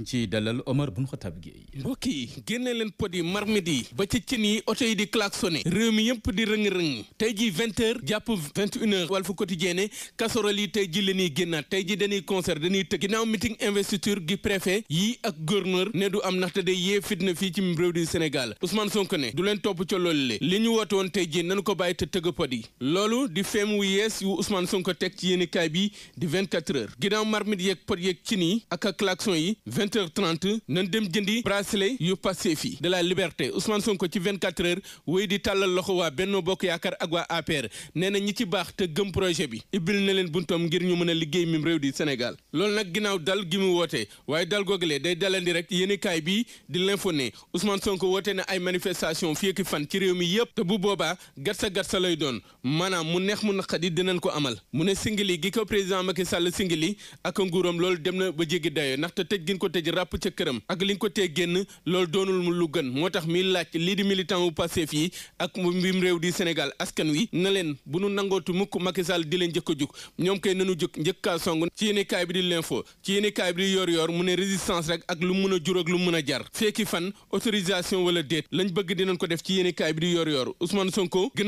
dañ ci dalal Omar Bun Xatab Gueye mbokk yi génne leen pod yi marmit ba ci cin yi oto yi di klaxonné réew mi yëpp di rëng-rëng tey ji vingt jàpp vingt une heures Walf yi tey ji la génnaat tey ji dañuy concert dañuy tëgg ginnaaw meeting investiture gi préfet yi ak gouverneur ne du am ndaxte day yee fitna fii ci réew du Sénégal Ousmane Sonko ne du leen topp ca loolu le li ñu woote tey ji nañu ko bàyyi te tëgg pod yi loolu di feem wu yees yu Ousmane bi di vingt quatre vingt heures trente dem jëndi bracelet yu Pastef yi de la liberté Ousmane Sonko ci vingt di tàllal loxo waa Benno Bokk Yaakaar ak waa nee na ñi ci baax te gëm projet bi ibbil na leen buntoom ngir ñu mën a liggéey mim réew di Sénégal loolu nag ginnaaw dal gi mu woote waaye dal googalee day dalandi rek yéenekaay bi di l'info ne Ousmane Sonko woote na ay manifestation fii ak fan ci réew mi yëpp te bu boobaa gatsa gatsa lay doon maanaam mu neex mu naqadi dinañ ko mu ne singili gi ko président Macky Sall singili ak nguuram tëj ràpp ca këram ak li nga ko tee génn loolu doonul mu lu gën moo tax mi laaj lii di militant wu Pastef yi ak mbim réew di Sénégal askan wi na leen bu nu nangootu mukk Macky di leen njëkk a jug ñoom kay nanu jug njëkkaa song ci yéene kaay bi di l'info ci yéene kaay bi di yor yor mu ne résistance rek ak lu mun a jur lu mun jar feeki fan autorisation wala déet lañ bëgg dinañ ko def ci yéene kaay bi di yor yor Ousmane Sonko ko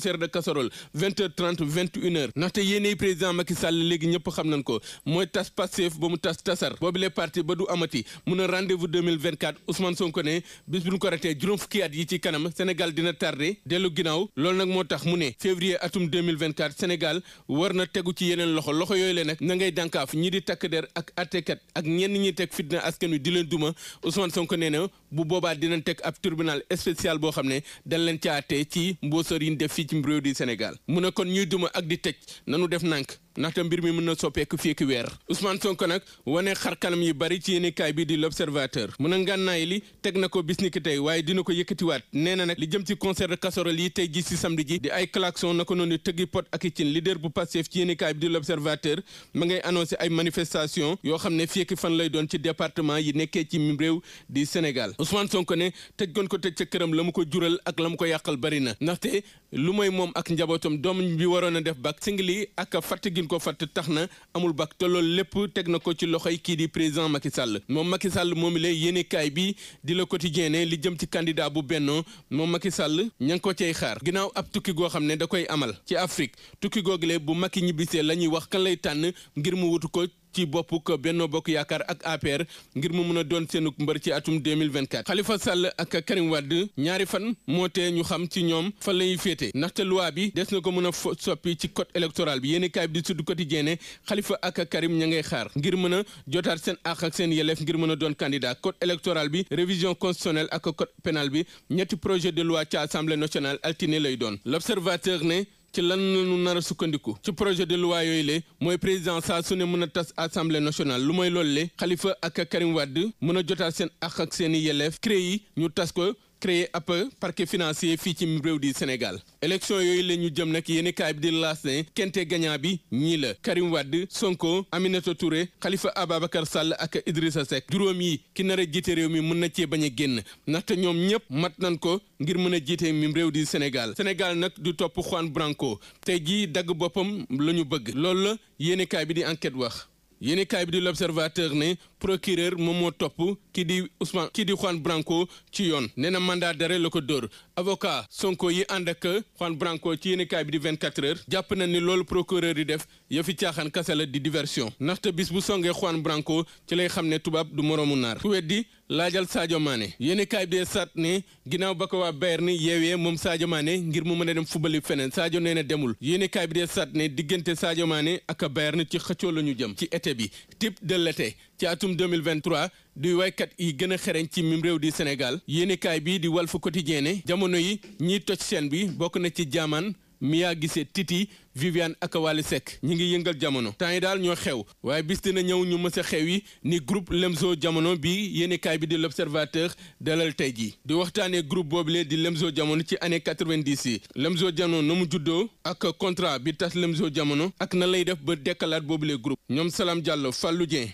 jeexal rek ndaxte yéenay président Macky Sall léegi ñëpp xam nañ ko mooy tas Pastef ba mu tas tasar boobu les parti ba du amati mun a rendez-vous 2024 Ousmane Sonko ne bis bu ñu ko ratee juróom fukki at yi ci kanam Sénégal dina tardé dellu ginnaaw loolu nag moo tax mu ne février atum 2024 Sénégal war na tegu ci yeneen loxo loxo yooyu la nag na ngay dànkaaf ñi di takk der ak àttekat ak ñenn ñi teg fitna askan wi di leen duma Ousmane Sonko nee na bu boobaa dinañ teg ab tribunal spécial boo xam ne dañ leen caatee ci mbóosóor yi ñu def fii ci réew Sénégal mu ne kon ñuy duma ak di tëj nanu def nànk ndaxte mbir mi mën na soppeeku fii ak weer Ousmane Sonko nag wane xar kanam yi bari ci yéenekaay bi di l'Observateur mu ne ngànnaay li teg na ko bis ni waaye dina ko yëkkatiwaat nee na nag li jëm ci concert de yi tey ji si samedi ji di ay klaxon na ko noonu tëggi pot ak i cin leader bu Pastef ci yéenekaay bi di l'Observateur ma ngay annoncé ay manifestation yoo xam ne fii fan lay doon ci département yi nekkee ci mim réew di Sénégal Ousmane Sonko ne tëj goon ko tëj ca këram la mu ko jural ak la mu ko yàqal bari na ndaxte lu mooy moom ak njabootam doom bi waroon a def bak singli ak fàttgin ko fatt tax na amul bak te loolu lépp teg na ko ci loxoy kii di président Macky Sall moom Macky Sall moom la yéene kaay bi di la quotidien li jëm ci candidat bu Benno moom Macky sàll ña ngi ko cay xaar ginnaaw ab tukki goo xam ne da koy amal ci Afrique tukki googule bu Macky ñibbisee la ñuy wax kan lay tànn ngir mu wutu ko ci ko Benno Bokk Yaakaar ak APR ngir mu mën a doon seenuk mbër ci atum 2024 Khalifa Sall ak Karim Wade ñaari fan moo tee ñu xam ci ñoom fan la ñuy féete ndaxte luwa bi des na ko mën a soppi ci code électoral bi yéen kaay bi di Sud Quotidien ne Khalifa ak Karim ña ngay xaar ngir mën a jotaat seen àq ak seen yelleef ngir mën a doon candidat code électoral bi révision constitutionnelle ak code pénal bi ñetti projet de loi ci assemblée nationale altine lay doon l'observateur ne ci lan la ñu nar a sukkandiku ci projet de loi yooyu le mooy président saa su ne mën a tas assemblée nationale lu mooy lool le Khalifa ak Karim Wade mën a jotaat seen ak ak seen i yelleef CREI yi ñu tas ko créer ab parquet financier fii ci réew di Sénégal élection yooyu la ñu jëm nag yéeni kaay bi di laas ne kente gagnant bi ñii la Karim Wade Sonko Aminata Touré Khalifa Ababacar Sall ak Idrissa Seck juróom yi ki nar a jiite réew mi mën na cee bañ a génn ndaxte ñoom ñëpp mat nañ ko ngir mën a jiite mim réew di Sénégal Sénégal nag du topp Juan Branco tey jii dagg boppam la ñu bëgg loolu la yennkaay bi di enquête wax yéeni bi di l'observateur ne procureur moom moo topp ki di Ousmane ki di Juan Branco ci yoon nee na mandat d'arrêt la ko dóor avocat Sonko yi ànd ak Juan Branco ci yéeni kaay bi di 24 heures jàpp na ni loolu procureur yi def yëfi caaxaan kase la di diversion ndaxte bis bu songee Juan Branco ci lay xam ne tubaab du moroomu naar ku weddi laajal Sadio Mané yéen kaay bi dee sat ne ginnaaw ba ko waa Bayern ni yeewee moom Sadio maane ngir mu mën a dem fubali feneen Sadio nee na demul yéen kaay de dee sat ne diggante Sadio maane ak Bayern ci xëccoo la ñu jëm ci été bi type de l'été ci atum 2023 di waykat yi gën a xereñ ci mim réew di Sénégal yéen kaay bi di Walf Quotidien ne jamono yi ñiy toj seen bi bokk na ci jaamaan Mia Guissé Titi Viviane ak Wally Seck ñi ngi yëngal jamono temps yi daal ñoo xew waaye bis dina ñëw ñu mës xew yi ni groupe Lemzo jamono bi yéenekaay bi di l'observateur dalal tey jii di waxtaanee groupe boobu lee di Lemzo jamono ci année 90 yi Lemzo jamono na mu juddoo ak contrat bi tas Lemzo jamono ak na lay def ba dekkalaat boobu boobule groupe ñoom Salam Diallo Fallou Dieng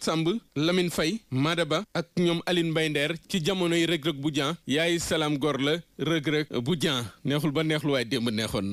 sàmb lamin fay Faye ba ak ñoom Aline Mbaye ci jamonoy rëg-rëg bu jan yaay salaam Gor la rëg bu jan neexul ba neexul waaye démb neexoon na